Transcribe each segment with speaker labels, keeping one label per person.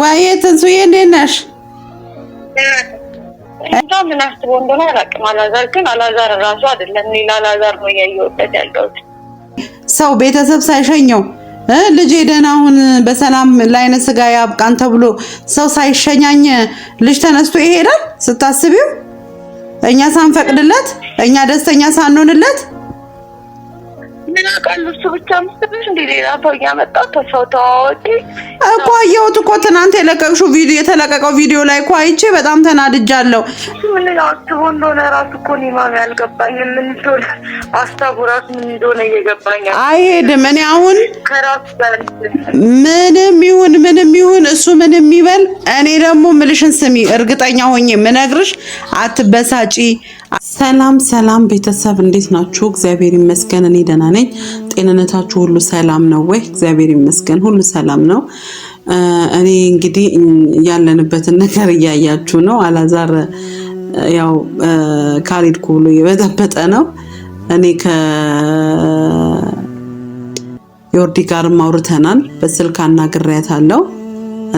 Speaker 1: ዋዬ ትንሱዬ እንዴት ነሽ?
Speaker 2: እንጃ ምን አስቦ እንደሆነ አላውቅም። አላዛር ግን አላዛር እራሱ አይደለም ሌላ አላዛር ነው እያየሁበት ያለሁት።
Speaker 1: ሰው ቤተሰብ ሳይሸኘው ልጅ ደህና አሁን በሰላም ለዓይነ ስጋ ያብቃን ተብሎ ሰው ሳይሸኛኝ ልጅ ተነስቶ ይሄዳል። ስታስቢው እኛ ሳንፈቅድለት፣ እኛ ደስተኛ ሳንሆንለት ምን እኮ አየሁት እኮ ትናንት የለቀቅሽው ቪዲዮ የተለቀቀው ቪዲዮ ላይ እኮ አይቼ በጣም ተናድጃለሁ።
Speaker 2: ምን አስቦ እንደሆነ ራሱ እኮ እኔ ማሚ አልገባኝ። ምን እንደሆነ አስታቡ ራሱ ምን እንደሆነ እየገባኝ
Speaker 1: አይሄድም። እኔ አሁን
Speaker 2: ምንም ይሁን ምንም ይሁን እሱ ምንም ይበል፣
Speaker 1: እኔ ደግሞ ምልሽን ስሚ። እርግጠኛ ሆኜ ምነግርሽ አትበሳጪ ሰላም ሰላም ቤተሰብ እንዴት ናችሁ? እግዚአብሔር ይመስገን እኔ ደህና ነኝ። ጤንነታችሁ ሁሉ ሰላም ነው ወይ? እግዚአብሔር ይመስገን ሁሉ ሰላም ነው። እኔ እንግዲህ ያለንበትን ነገር እያያችሁ ነው። አላዛር ያው ካልሄድኩ ብሎ የበጠበጠ ነው። እኔ ከዮርዲ ጋርም አውርተናል፣ በስልክ አናግሬያታለሁ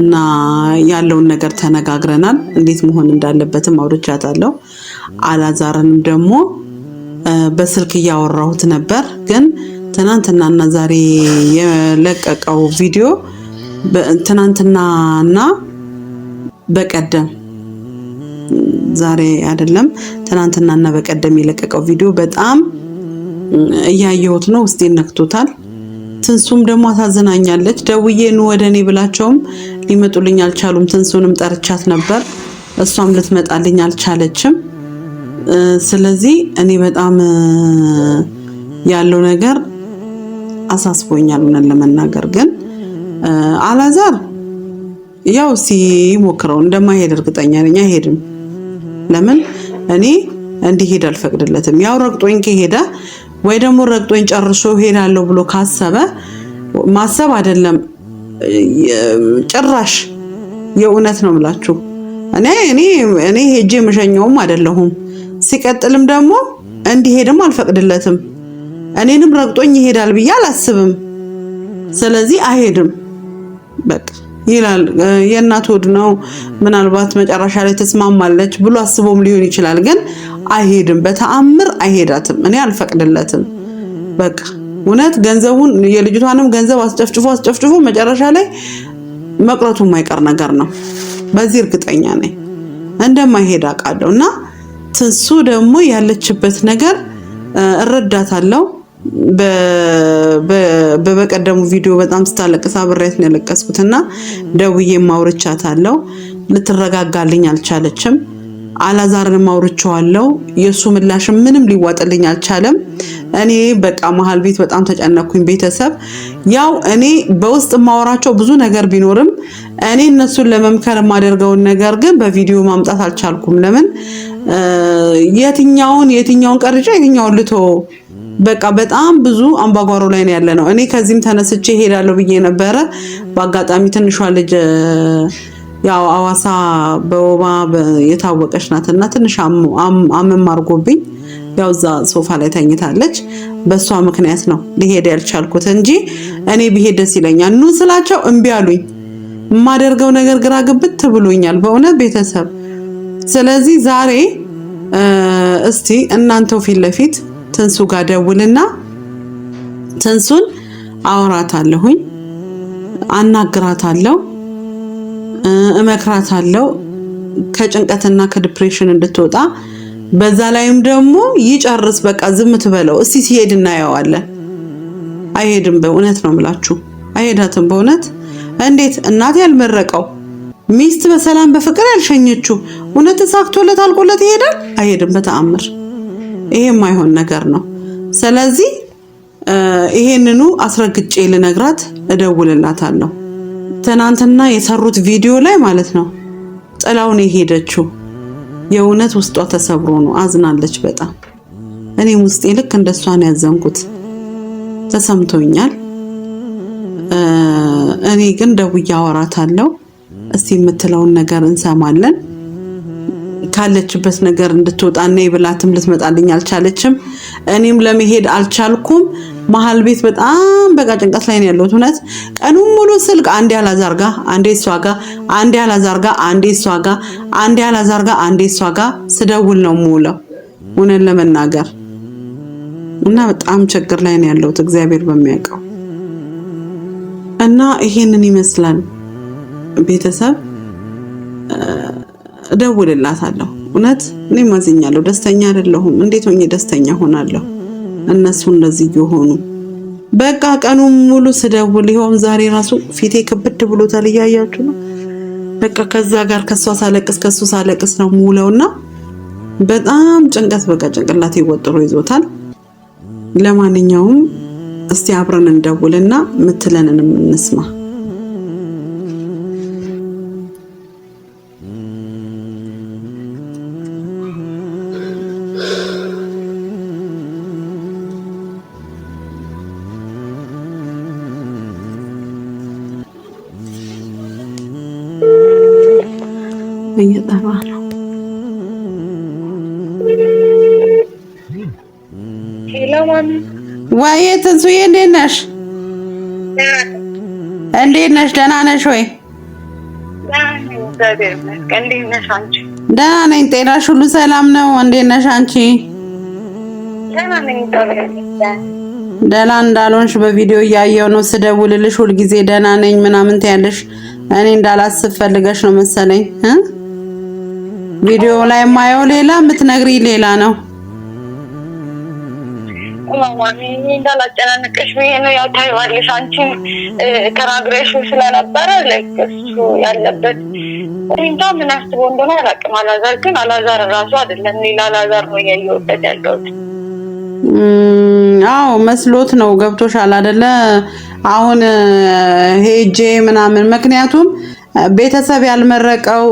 Speaker 1: እና ያለውን ነገር ተነጋግረናል። እንዴት መሆን እንዳለበትም አውርቻታለሁ። አላዛርንም ደግሞ በስልክ እያወራሁት ነበር። ግን ትናንትናና ዛሬ የለቀቀው ቪዲዮ ትናንትናና በቀደም ዛሬ አይደለም ትናንትናና በቀደም የለቀቀው ቪዲዮ በጣም እያየሁት ነው። ውስጤን ነክቶታል። ትንሱም ደግሞ አሳዝናኛለች። ደውዬ ኑ ወደ እኔ ብላቸውም ሊመጡልኝ አልቻሉም። ትንሱንም ጠርቻት ነበር፣ እሷም ልትመጣልኝ አልቻለችም። ስለዚህ እኔ በጣም ያለው ነገር አሳስቦኛል። ምን ለመናገር ግን አላዛር ያው ሲሞክረው እንደማይሄድ እርግጠኛ ነኝ። አይሄድም። ለምን እኔ እንዲሄድ አልፈቅድለትም። ያው ረግጦኝ ከሄደ ወይ ደግሞ ረግጦኝ ጨርሶ ሄዳለሁ ብሎ ካሰበ ማሰብ አይደለም ጭራሽ የእውነት ነው ምላችሁ እኔ እኔ እኔ ሄጄ መሸኘውም አይደለሁም። ሲቀጥልም ደግሞ እንዲሄድም አልፈቅድለትም። እኔንም ረግጦኝ ይሄዳል ብዬ አላስብም። ስለዚህ አይሄድም በቃ። ይላል። የእናት ወድ ነው። ምናልባት መጨረሻ ላይ ተስማማለች ብሎ አስቦም ሊሆን ይችላል። ግን አይሄድም፣ በተአምር አይሄዳትም። እኔ አልፈቅድለትም። በቃ እውነት ገንዘቡን የልጅቷንም ገንዘብ አስጨፍጭፎ አስጨፍጭፎ መጨረሻ ላይ መቅረቱ የማይቀር ነገር ነው። በዚህ እርግጠኛ ነኝ እንደማይሄድ አውቃለሁ። እና ትንሱ ደግሞ ያለችበት ነገር እረዳታለሁ በበቀደሙ ቪዲዮ በጣም ስታለቅስ አብሬያት ነው ያለቀስኩት እና ደውዬ ማውርቻታለሁ። ልትረጋጋልኝ አልቻለችም። አላዛርን አውርቼዋለሁ። የእሱ ምላሽ ምንም ሊዋጥልኝ አልቻለም። እኔ በቃ መሀል ቤት በጣም ተጨነኩኝ። ቤተሰብ ያው እኔ በውስጥ ማወራቸው ብዙ ነገር ቢኖርም እኔ እነሱን ለመምከር የማደርገውን ነገር ግን በቪዲዮ ማምጣት አልቻልኩም። ለምን የትኛውን የትኛውን ቀርጬ የትኛውን ልቶ በቃ በጣም ብዙ አምባጓሮ ላይ ነው ያለ ነው። እኔ ከዚህም ተነስቼ ሄዳለሁ ብዬ ነበረ። በአጋጣሚ ትንሿ ልጅ ያው አዋሳ በወባ የታወቀች ናት እና ትንሽ አመም አርጎብኝ ያው እዛ ሶፋ ላይ ተኝታለች። በእሷ ምክንያት ነው ሊሄድ ያልቻልኩት እንጂ እኔ ብሄድ ደስ ይለኛል። ኑ ስላቸው እምቢ አሉኝ። የማደርገው ነገር ግራ ግብት ብሎኛል በእውነት ቤተሰብ። ስለዚህ ዛሬ እስቲ እናንተው ፊት ለፊት ትንሱ ጋር ደውልና ትንሱን አወራታለሁኝ፣ አናግራታለሁ፣ እመክራታለሁ ከጭንቀትና ከዲፕሬሽን እንድትወጣ። በዛ ላይም ደግሞ ይጨርስ፣ በቃ ዝም ትበለው። እስቲ ሲሄድ እናየዋለን። አይሄድም። በእውነት ነው የምላችሁ አይሄዳትም። በእውነት እንዴት እናት ያልመረቀው ሚስት በሰላም በፍቅር ያልሸኘችው እውነት ተሳክቶለት አልቆለት ይሄዳል? አይሄድም በተአምር። ይሄ የማይሆን ነገር ነው። ስለዚህ ይሄንኑ አስረግጬ ልነግራት እደውልላታለሁ። ትናንትና የሰሩት ቪዲዮ ላይ ማለት ነው ጥላውን የሄደችው የእውነት ውስጧ ተሰብሮ ነው። አዝናለች በጣም። እኔም ውስጤ ልክ እንደሷ ነው ያዘንኩት፣ ተሰምቶኛል። እኔ ግን ደውዬ አወራታለሁ። እስቲ የምትለውን ነገር እንሰማለን። ካለችበት ነገር እንድትወጣ እና የብላትም ልትመጣልኝ አልቻለችም። እኔም ለመሄድ አልቻልኩም። መሀል ቤት በጣም በቃ ጭንቀት ላይ ነው ያለሁት። እውነት ቀኑን ሙሉ ስልክ አንዴ ያላዛርጋ አንዴ እሷ ጋ፣ አንዴ አላዛር አንዴ እሷ ጋ፣ አንዴ አላዛር አንዴ እሷ ጋ ስደውል ነው የምውለው እውነት ለመናገር እና በጣም ችግር ላይ ነው ያለሁት እግዚአብሔር በሚያውቀው እና ይሄንን ይመስላል ቤተሰብ እደውልላታለሁ። እውነት እኔም አዝኛለሁ። ደስተኛ አይደለሁም። እንዴት ሆኜ ደስተኛ ሆናለሁ? እነሱ እንደዚህ የሆኑ በቃ ቀኑን ሙሉ ስደውል ይኸውም ዛሬ ራሱ ፊቴ ክብድ ብሎታል። እያያችሁ ነው። በቃ ከዛ ጋር ከሷ ሳለቅስ ከሱ ሳለቅስ ነው ሙለውና በጣም ጭንቀት በቃ ጭንቅላት ይወጥሮ ይዞታል። ለማንኛውም እስቲ አብረን እንደውልና ምትለንን እንስማ። ትንሱዬ እንዴት ነሽ? እንዴት ነሽ? ደህና ነሽ ወይ? ደህና ነኝ። ጤናሽ ሁሉ ሰላም ነው? እንዴት ነሽ አንቺ? ደህና እንዳልሆንሽ በቪዲዮ እያየሁ ነው ስደውልልሽ። ሁልጊዜ ደህና ነኝ ምናምን ትያለሽ። እኔ እንዳላስብ ፈልገሽ ነው መሰለኝ። ቪዲዮ ላይ ማየው ሌላ፣ የምትነግሪኝ ሌላ ነው።
Speaker 2: ማማሚ እንዳላጨናነቀሽ ብዬ ነው። ያው ታይዋለሽ፣ አንቺም ተናግረሽ ስለነበረ እሱ ያለበት ሪንታ ምን አስቦ እንደሆነ አላውቅም። አላዛር ግን አላዛር እራሱ አይደለም ሌላ አላዛር ነው እያየሁበት ያለሁት።
Speaker 1: አዎ መስሎት ነው። ገብቶሻል አይደለ? አሁን ሄጄ ምናምን ምክንያቱም ቤተሰብ ያልመረቀው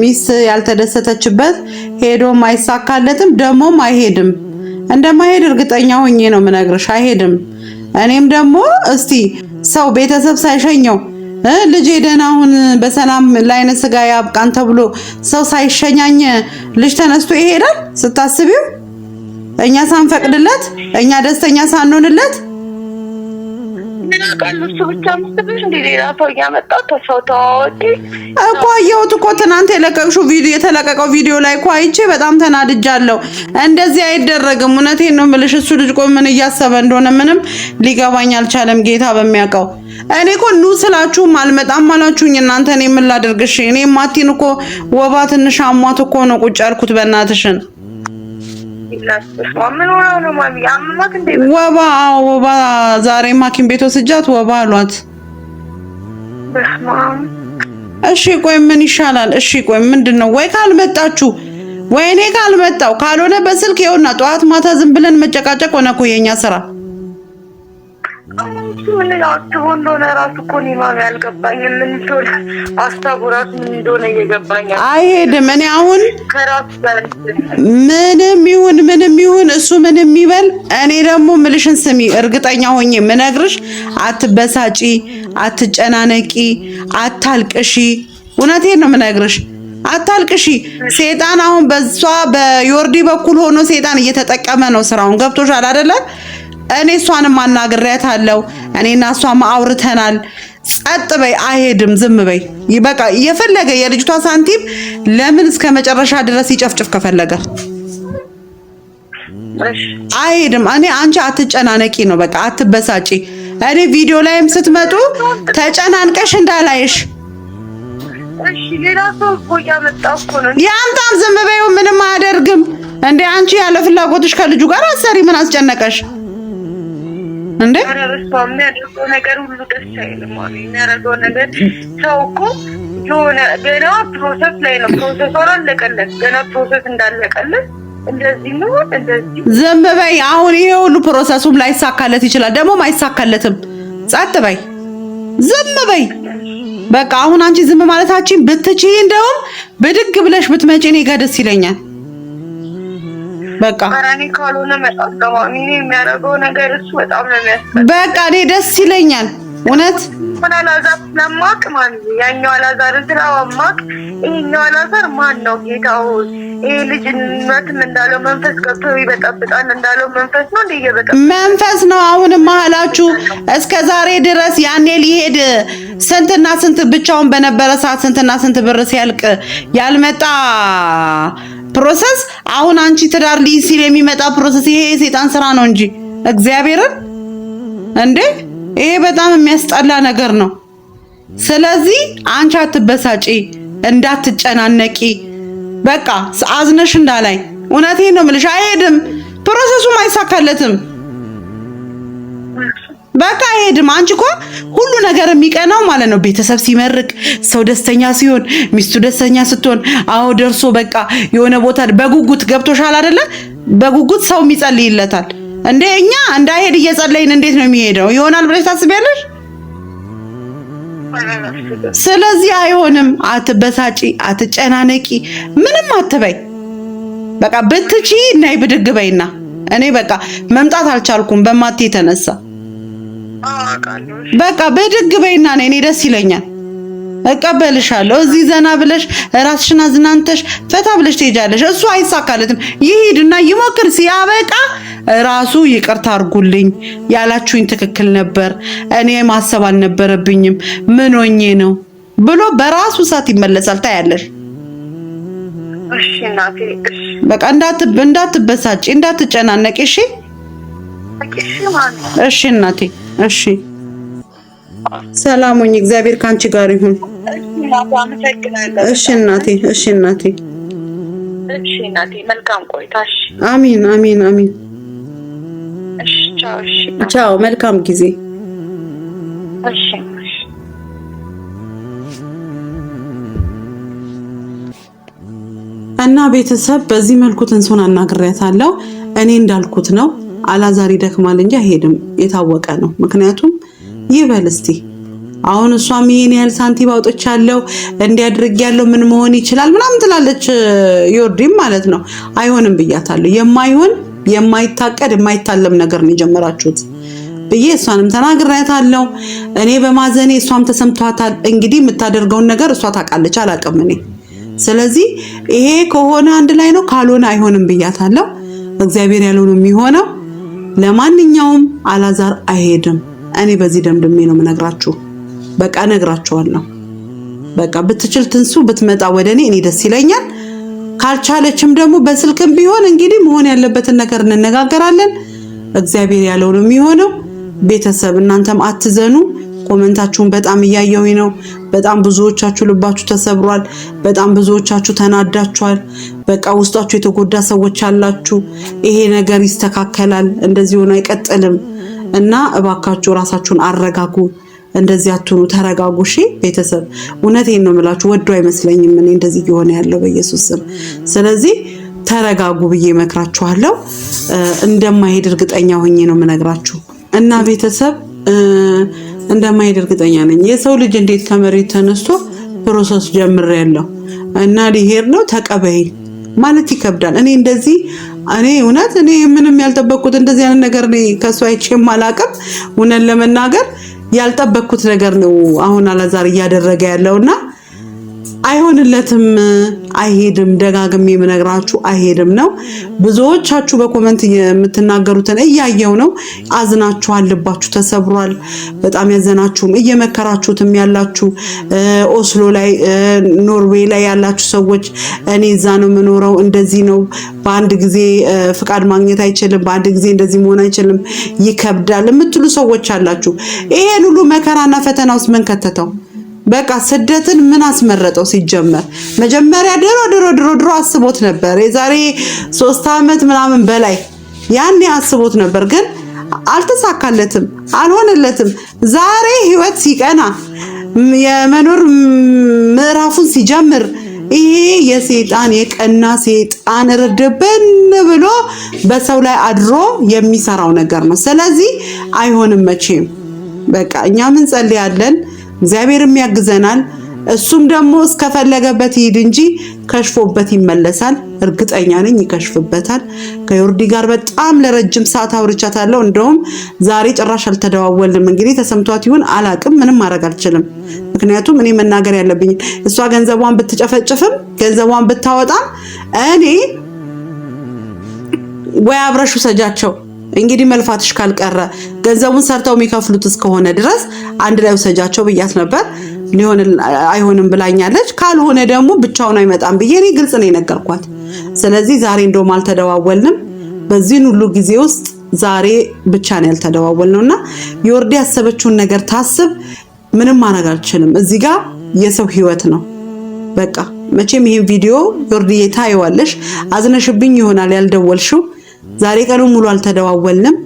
Speaker 1: ሚስ ያልተደሰተችበት ሄዶም አይሳካለትም ደግሞም አይሄድም። እንደማይሄድ እርግጠኛ ሆኜ ነው የምነግርሽ። አይሄድም። እኔም ደግሞ እስቲ ሰው ቤተሰብ ሳይሸኘው ልጅ ደህና አሁን በሰላም ላይነ ስጋ ያብቃን ተብሎ ሰው ሳይሸኛኝ ልጅ ተነስቶ ይሄዳል? ስታስቢው እኛ ሳንፈቅድለት፣ እኛ ደስተኛ ሳንሆንለት ምን እኮ አየሁት እኮ ትናንት የለቀቅሽው ቪዲዮ የተለቀቀው ቪዲዮ ላይ እኮ አይቼ በጣም ተናድጃለሁ። እንደዚህ አይደረግም። እውነቴን ነው የምልሽ። እሱ ልጅ ቆይ ምን እያሰበ እንደሆነ ምንም ሊገባኝ አልቻለም። ጌታ በሚያውቀው እኔ እኮ ኑ ስላችሁም አልመጣም አላችሁኝ እናንተ። እኔ ምን እኔ ማቲን እኮ ወባ ትንሽ አሟት እኮ ነው ቁጭ ያልኩት በእናትሽን ወባ ወባ ዛሬ ሐኪም ቤት ወስጃት ወባ አሏት። እሺ ቆይ ምን ይሻላል? እሺ ቆይ ምንድን ነው ወይ ካልመጣችሁ ወይ እኔ ካልመጣው ካልሆነ በስልክ ይኸውና፣ ጠዋት ማታ ዝም ብለን መጨቃጨቅ ሆነ እኮ የኛ ስራ
Speaker 2: ምን አስቦ እንደሆነ ራሱ እኮ እኔ ማሚ አልገባኝ። ምን እንደሆነ አስታጉራት ምን እንደሆነ እየገባኝ
Speaker 1: አይሄድም። እኔ አሁን ምንም ይሁን ምንም ይሁን እሱ ምንም ይበል፣ እኔ ደግሞ ምልሽን ስሚ። እርግጠኛ ሆኜ ምነግርሽ አትበሳጪ፣ አትጨናነቂ፣ አታልቅሺ። እውነቴን ነው ምነግርሽ አታልቅሺ። ሴጣን አሁን በሷ በዮርዲ በኩል ሆኖ ሴጣን እየተጠቀመ ነው ስራውን። ገብቶሻል አይደለም? እኔ እሷንም አናግሬያታለሁ። እኔና እሷም አውርተናል። ጸጥ በይ፣ አይሄድም፣ ዝም በይ በቃ። የፈለገ የልጅቷ ሳንቲም ለምን እስከ መጨረሻ ድረስ ይጨፍጭፍ ከፈለገ አይሄድም። እኔ አንቺ አትጨናነቂ ነው በቃ፣ አትበሳጪ። እኔ ቪዲዮ ላይም ስትመጡ ተጨናንቀሽ እንዳላይሽ ያምጣም፣ ዝም በይው፣ ምንም አያደርግም። እንዴ አንቺ ያለ ፍላጎትሽ ከልጁ ጋር አሰሪ ምን አስጨነቀሽ? እንዴ
Speaker 2: የሚያደርገው ነገር ሁሉ ደስ አይልም። የሚያደርገው ነገር ሰው እኮ የሆነ ገና ፕሮሰስ ላይ ነው። ፕሮሰስ አላለቀለት ገና ፕሮሰስ እንዳለቀለት እንደዚህ
Speaker 1: ዝም በይ። አሁን ይሄ ሁሉ ፕሮሰሱም ላይሳካለት ይችላል፣ ደግሞም አይሳካለትም። ጸጥ በይ፣ ዝም በይ። በቃ አሁን አንቺ ዝም ማለታችን ብትችይ፣ እንደውም ብድግ ብለሽ ብትመጪ እኔ ጋ ደስ ይለኛል።
Speaker 2: በቃ ካልሆነ መጣ የሚያደርገው ነገር እሱ በጣም ነው የሚያስ
Speaker 1: በቃ እኔ ደስ ይለኛል። እውነት
Speaker 2: ምን አላዛር ስለማቅ ማን ያኛው አላዛር እንትራው አማቅ ይሄኛው አላዛር ማን ነው ጌታው? ይሄ ልጅነትም እንዳለው መንፈስ ገብቶ ይበጠብጣል እንዳለው መንፈስ ነው እንደ እየበጠ
Speaker 1: መንፈስ ነው። አሁንም መሀላችሁ እስከ ዛሬ ድረስ ያኔ ሊሄድ ስንትና ስንት ብቻውን በነበረ ሰዓት ስንትና ስንት ብር ሲያልቅ ያልመጣ ፕሮሰስ አሁን አንቺ ትዳር ሊይዝ ሲል የሚመጣ ፕሮሰስ ይሄ የሴጣን ስራ ነው እንጂ እግዚአብሔርን እንዴ ይሄ በጣም የሚያስጠላ ነገር ነው። ስለዚህ አንቺ አትበሳጪ፣ እንዳትጨናነቂ፣ በቃ አዝነሽ እንዳላይ። እውነቴን ነው የምልሽ፣ አይሄድም፣ ፕሮሰሱም አይሳካለትም። በቃ አይሄድም። አንቺ እኮ ሁሉ ነገር የሚቀናው ማለት ነው ቤተሰብ ሲመርቅ፣ ሰው ደስተኛ ሲሆን፣ ሚስቱ ደስተኛ ስትሆን፣ አዎ ደርሶ በቃ የሆነ ቦታ በጉጉት ገብቶሻል አይደለ? በጉጉት ሰው የሚጸልይለታል እንዴ እኛ እንዳይሄድ እየጸለይን እንዴት ነው የሚሄደው? ይሆናል ብለሽ ታስቢያለሽ? ስለዚህ አይሆንም። አትበሳጪ፣ አትጨናነቂ፣ ምንም አትበይ። በቃ ብትቺ ናይ ብድግ በይና እኔ በቃ መምጣት አልቻልኩም በማቴ የተነሳ በቃ ብድግ በይና እኔ ደስ ይለኛል እቀበልሻለሁ። እዚህ ዘና ብለሽ ራስሽን አዝናንተሽ ፈታ ብለሽ ትሄጃለሽ። እሱ አይሳካለትም፣ ይሄድና ይሞክር። ሲያበቃ ራሱ ይቅርታ አርጉልኝ ያላችሁኝ ትክክል ነበር፣ እኔ ማሰብ አልነበረብኝም፣ ምን ሆኜ ነው ብሎ በራሱ ሰዓት ይመለሳል። ታያለሽ። በቃ እንዳትበሳጭ፣ እንዳትጨናነቅ። እሺ፣ እሺ እናቴ፣ እሺ ሰላሙኝ እግዚአብሔር ካንቺ ጋር ይሁን።
Speaker 2: እሺ እናቴ፣ እሺ እናቴ፣ እሺ እናቴ። መልካም ቆይታሽ።
Speaker 1: አሚን፣ አሚን፣ አሚን። እሺ፣ ቻው። ቻው። መልካም ጊዜ። እሺ እና ቤተሰብ በዚህ መልኩ ትንሱን አናግሬያታለሁ። እኔ እንዳልኩት ነው። አላዛር ይደክማል እንጂ አይሄድም፣ የታወቀ ነው። ምክንያቱም ይበል እስቲ። አሁን እሷም ይሄን ያህል ሳንቲም አውጥቻለሁ እንዲያድርግ ያለው ምን መሆን ይችላል ምናምን ትላለች፣ ዮርዲም ማለት ነው። አይሆንም ብያታለሁ። የማይሆን የማይታቀድ የማይታለም ነገር ነው የጀመራችሁት ብዬ እሷንም ተናግሬያታለሁ። እኔ በማዘኔ እሷም ተሰምቷታል። እንግዲህ የምታደርገውን ነገር እሷ ታውቃለች፣ አላውቅም እኔ። ስለዚህ ይሄ ከሆነ አንድ ላይ ነው፣ ካልሆነ አይሆንም ብያታለሁ። እግዚአብሔር ያለው ነው የሚሆነው ለማንኛውም አላዛር አይሄድም። እኔ በዚህ ደምድሜ ነው የምነግራችሁ። በቃ እነግራችኋለሁ። በቃ ብትችል ትንሱ ብትመጣ ወደ እኔ እኔ ደስ ይለኛል። ካልቻለችም ደግሞ በስልክም ቢሆን እንግዲህ መሆን ያለበትን ነገር እንነጋገራለን። እግዚአብሔር ያለው ነው የሚሆነው። ቤተሰብ እናንተም አትዘኑ። ኮመንታችሁን በጣም እያየሁኝ ነው። በጣም ብዙዎቻችሁ ልባችሁ ተሰብሯል። በጣም ብዙዎቻችሁ ተናዳችኋል። በቃ ውስጣችሁ የተጎዳ ሰዎች አላችሁ። ይሄ ነገር ይስተካከላል፣ እንደዚህ ሆኖ አይቀጥልም እና እባካችሁ ራሳችሁን አረጋጉ። እንደዚህ አትሁኑ፣ ተረጋጉ። እሺ ቤተሰብ፣ እውነቴን ነው የምላችሁ። ወዶ አይመስለኝም እኔ እንደዚህ እየሆነ ያለው በኢየሱስ ስም። ስለዚህ ተረጋጉ ብዬ መክራችኋለሁ። እንደማይሄድ እርግጠኛ ሆኜ ነው የምነግራችሁ እና ቤተሰብ እንደማይሄድ እርግጠኛ ነኝ። የሰው ልጅ እንዴት ከመሬት ተነስቶ ፕሮሰስ ጀምሬያለሁ እና ሊሄድ ነው ተቀበይ ማለት ይከብዳል። እኔ እንደዚህ እኔ እውነት እኔ ምንም ያልጠበቅኩት እንደዚህ አይነት ነገር ከእሱ አይቼም አላውቅም። እውነት ለመናገር ያልጠበቅኩት ነገር ነው አሁን አላዛር እያደረገ ያለውና አይሆንለትም አይሄድም። ደጋግሜ የምነግራችሁ አይሄድም ነው። ብዙዎቻችሁ በኮመንት የምትናገሩትን እያየው ነው። አዝናችኋል፣ ልባችሁ ተሰብሯል። በጣም ያዘናችሁም እየመከራችሁትም ያላችሁ ኦስሎ ላይ ኖርዌይ ላይ ያላችሁ ሰዎች እኔ እዛ ነው የምኖረው እንደዚህ ነው በአንድ ጊዜ ፍቃድ ማግኘት አይችልም፣ በአንድ ጊዜ እንደዚህ መሆን አይችልም፣ ይከብዳል የምትሉ ሰዎች አላችሁ። ይሄን ሁሉ መከራና ፈተና ውስጥ ምን ከተተው? በቃ ስደትን ምን አስመረጠው? ሲጀመር መጀመሪያ ድሮ ድሮ ድሮ ድሮ አስቦት ነበር፣ የዛሬ ሶስት ዓመት ምናምን በላይ ያኔ አስቦት ነበር ግን አልተሳካለትም፣ አልሆነለትም። ዛሬ ህይወት ሲቀና የመኖር ምዕራፉን ሲጀምር ይሄ የሴጣን የቀና ሴጣን ርድብን ብሎ በሰው ላይ አድሮ የሚሰራው ነገር ነው። ስለዚህ አይሆንም መቼም። በቃ እኛ ምን ጸልያለን፣ እግዚአብሔርም ያግዘናል። እሱም ደግሞ እስከፈለገበት ይሄድ እንጂ ከሽፎበት ይመለሳል። እርግጠኛ ነኝ ይከሽፍበታል። ከዮርዲ ጋር በጣም ለረጅም ሰዓት አውርቻታለሁ። እንደውም ዛሬ ጭራሽ አልተደዋወልንም። እንግዲህ ተሰምቷት ይሁን አላቅም። ምንም ማድረግ አልችልም። ምክንያቱም እኔ መናገር ያለብኝ እሷ ገንዘቧን ብትጨፈጭፍም ገንዘቧን ብታወጣም እኔ ወይ አብረሹ ሰጃቸው እንግዲህ መልፋትሽ ካልቀረ ገንዘቡን ሰርተው የሚከፍሉት እስከሆነ ድረስ አንድ ላይ ውሰጃቸው ብያት ነበር። ሊሆን አይሆንም ብላኛለች። ካልሆነ ደግሞ ብቻውን አይመጣም ብዬ እኔ ግልጽ ነው የነገርኳት። ስለዚህ ዛሬ እንደውም አልተደዋወልንም። በዚህን ሁሉ ጊዜ ውስጥ ዛሬ ብቻ ነው ያልተደዋወልነው እና የወርዴ ያሰበችውን ነገር ታስብ። ምንም ማድረግ አልችልም። እዚህ ጋር የሰው ህይወት ነው በቃ መቼም ይህን ቪዲዮ ዮርድዬ ታየዋለሽ። አዝነሽብኝ ይሆናል ያልደወልሽው ዛሬ ቀኑ ሙሉ አልተደዋወልንም።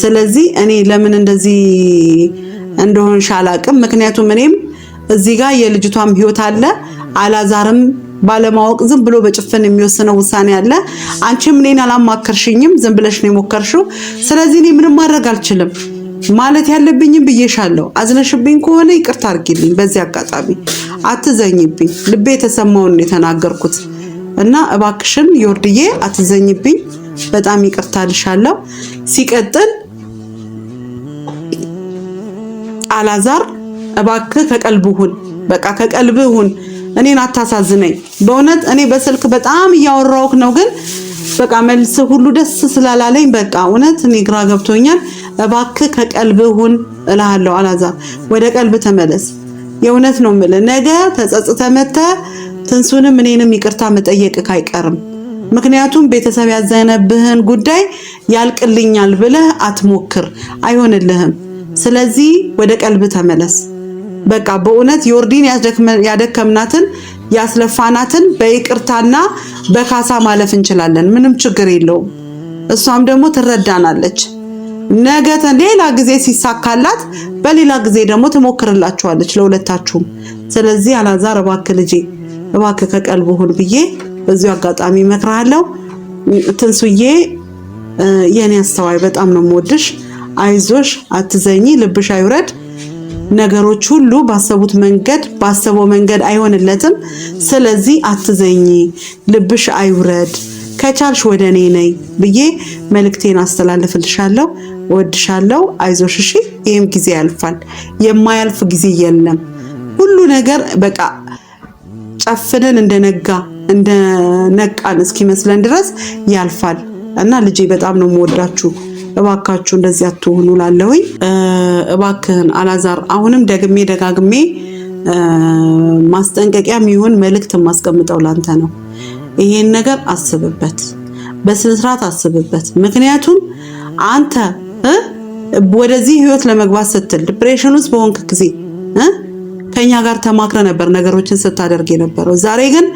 Speaker 1: ስለዚህ እኔ ለምን እንደዚህ እንደሆንሽ አላቅም። ምክንያቱም እኔም እዚህ ጋር የልጅቷም ህይወት አለ። አላዛርም ባለማወቅ ዝም ብሎ በጭፍን የሚወስነው ውሳኔ አለ። አንቺም እኔን አላማከርሽኝም፣ ዝም ብለሽ ነው የሞከርሽው። ስለዚህ እኔ ምንም ማድረግ አልችልም። ማለት ያለብኝም ብዬሻለሁ። አዝነሽብኝ ከሆነ ይቅርታ አድርጊልኝ። በዚህ አጋጣሚ አትዘኝብኝ። ልቤ የተሰማውን የተናገርኩት እና እባክሽን ዮርድዬ አትዘኝብኝ። በጣም ይቅርታ ልሻለሁ። ሲቀጥል አላዛር እባክህ ከቀልብ ሁን፣ በቃ ከቀልብ ሁን፣ እኔን አታሳዝነኝ። በእውነት እኔ በስልክ በጣም እያወራውክ ነው፣ ግን በቃ መልስ ሁሉ ደስ ስላላለኝ በቃ እውነት እኔ ግራ ገብቶኛል። እባክህ ከቀልብ ሁን እልሃለሁ። አላዛር ወደ ቀልብ ተመለስ። የእውነት ነው የምልህ። ነገ ተጸጽተ መተ ትንሱንም እኔንም ይቅርታ መጠየቅ አይቀርም። ምክንያቱም ቤተሰብ ያዘነብህን ጉዳይ ያልቅልኛል ብለህ አትሞክር፣ አይሆንልህም። ስለዚህ ወደ ቀልብ ተመለስ። በቃ በእውነት ዮርዲን ያደከምናትን ያስለፋናትን በይቅርታና በካሳ ማለፍ እንችላለን። ምንም ችግር የለውም። እሷም ደግሞ ትረዳናለች። ነገ ሌላ ጊዜ ሲሳካላት በሌላ ጊዜ ደግሞ ትሞክርላችኋለች ለሁለታችሁም። ስለዚህ አላዛር እባክህ ልጄ እባክህ ከቀልብ ሁን ብዬ በዚሁ አጋጣሚ እመክርሃለሁ። ትንሱዬ የኔ አስተዋይ በጣም ነው የምወድሽ። አይዞሽ፣ አትዘኚ፣ ልብሽ አይውረድ። ነገሮች ሁሉ ባሰቡት መንገድ ባሰበው መንገድ አይሆንለትም። ስለዚህ አትዘኝ ልብሽ አይውረድ። ከቻልሽ ወደ እኔ ነይ ብዬ መልእክቴን አስተላልፍልሻለሁ። ወድሻለሁ፣ አይዞሽ እሺ። ይህም ጊዜ ያልፋል። የማያልፍ ጊዜ የለም። ሁሉ ነገር በቃ ጨፍንን እንደነጋ እንደ ነቃን እስኪመስለን ድረስ ያልፋል እና ልጄ በጣም ነው የምወዳችሁ። እባካችሁ እንደዚህ አትሆኑ ላለሁኝ። እባክህን አላዛር፣ አሁንም ደግሜ ደጋግሜ ማስጠንቀቂያ የሚሆን መልእክት የማስቀምጠው ላንተ ነው። ይሄን ነገር አስብበት፣ በስነስርዓት አስብበት። ምክንያቱም አንተ ወደዚህ ህይወት ለመግባት ስትል ዲፕሬሽን ውስጥ በሆንክ ጊዜ ከኛ ጋር ተማክረ ነበር ነገሮችን ስታደርግ የነበረው ዛሬ ግን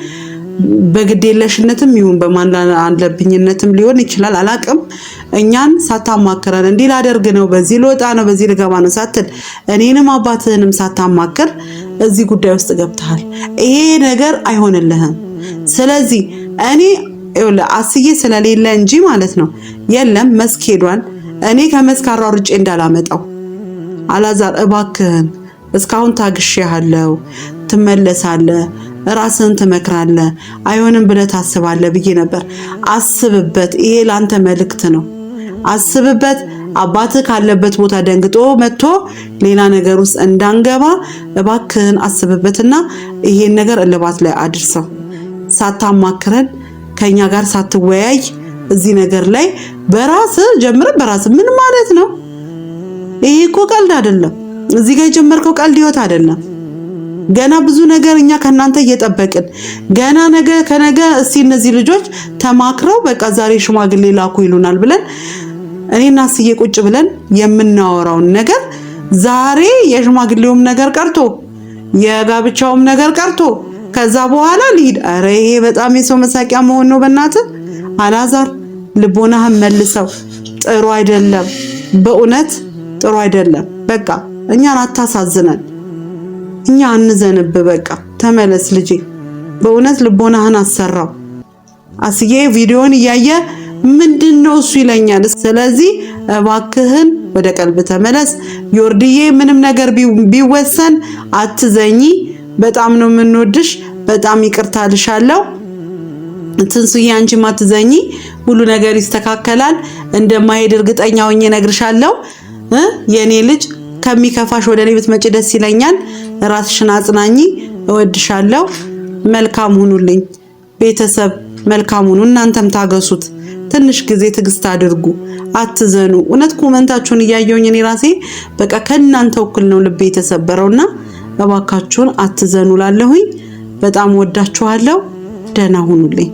Speaker 1: በግዴለሽነትም ይሁን በማንለብኝነትም ሊሆን ይችላል፣ አላቅም። እኛን ሳታማክረን እንዲህ ላደርግ ነው፣ በዚህ ልወጣ ነው፣ በዚህ ልገባ ነው ሳትል እኔንም አባትህንም ሳታማክር እዚህ ጉዳይ ውስጥ ገብተሃል። ይሄ ነገር አይሆንልህም። ስለዚህ እኔ አስዬ ስለሌለ እንጂ ማለት ነው የለም መስክ ሄዷል። እኔ ከመስክ አሯርጬ እንዳላመጣው አላዛር እባክህን እስካሁን ያለው ትመለሳለህ ራስን ትመክራለህ፣ አይሆንም ብለ ታስባለ ብዬ ነበር። አስብበት። ይሄ ላንተ መልእክት ነው። አስብበት። አባት ካለበት ቦታ ደንግጦ መጥቶ ሌላ ነገር ውስጥ እንዳንገባ እባክህን አስብበትና ይሄን ነገር እልባት ላይ አድርሰው። ሳታማክረን ከኛ ጋር ሳትወያይ እዚህ ነገር ላይ በራስ ጀምረ በራስ ምን ማለት ነው? ይሄ እኮ ቀልድ አይደለም። እዚህ ጋር የጀመርከው ቀልድ ህይወት አይደለም። ገና ብዙ ነገር እኛ ከእናንተ እየጠበቅን ገና ነገ ከነገ እስቲ እነዚህ ልጆች ተማክረው በቃ ዛሬ ሽማግሌ ላኩ ይሉናል ብለን እኔና ስዬ ቁጭ ብለን የምናወራውን ነገር ዛሬ የሽማግሌውም ነገር ቀርቶ የጋብቻውም ነገር ቀርቶ ከዛ በኋላ ልሂድ። ኧረ ይሄ በጣም የሰው መሳቂያ መሆን ነው። በእናትህ አላዛር ልቦናህን መልሰው። ጥሩ አይደለም፣ በእውነት ጥሩ አይደለም። በቃ እኛን አታሳዝነን። እኛ አንዘንብ። በቃ ተመለስ ልጄ። በእውነት ልቦናህን አሰራው። አስዬ ቪዲዮን እያየ ምንድን ነው እሱ ይለኛል። ስለዚህ እባክህን ወደ ቀልብ ተመለስ ዮርድዬ። ምንም ነገር ቢወሰን አትዘኚ። በጣም ነው የምንወድሽ። በጣም ይቅርታ ልሻለሁ። ትንሱዬ አንቺም አትዘኚ። ሁሉ ነገር ይስተካከላል። እንደማሄድ እርግጠኛ ሆኜ እነግርሻለሁ። የኔ ልጅ ከሚከፋሽ ወደ እኔ ብትመጪ ደስ ይለኛል። ራስሽን አጽናኝ። እወድሻለሁ። መልካም ሁኑልኝ ቤተሰብ፣ መልካም ሁኑ። እናንተም ታገሱት። ትንሽ ጊዜ ትዕግስት አድርጉ። አትዘኑ። እውነት ኮመንታችሁን እያየሁኝ እኔ ራሴ በቃ ከእናንተ እኩል ነው ልቤ የተሰበረውና እባካችሁን አትዘኑ ላለሁኝ። በጣም ወዳችኋለሁ። ደህና ሁኑልኝ።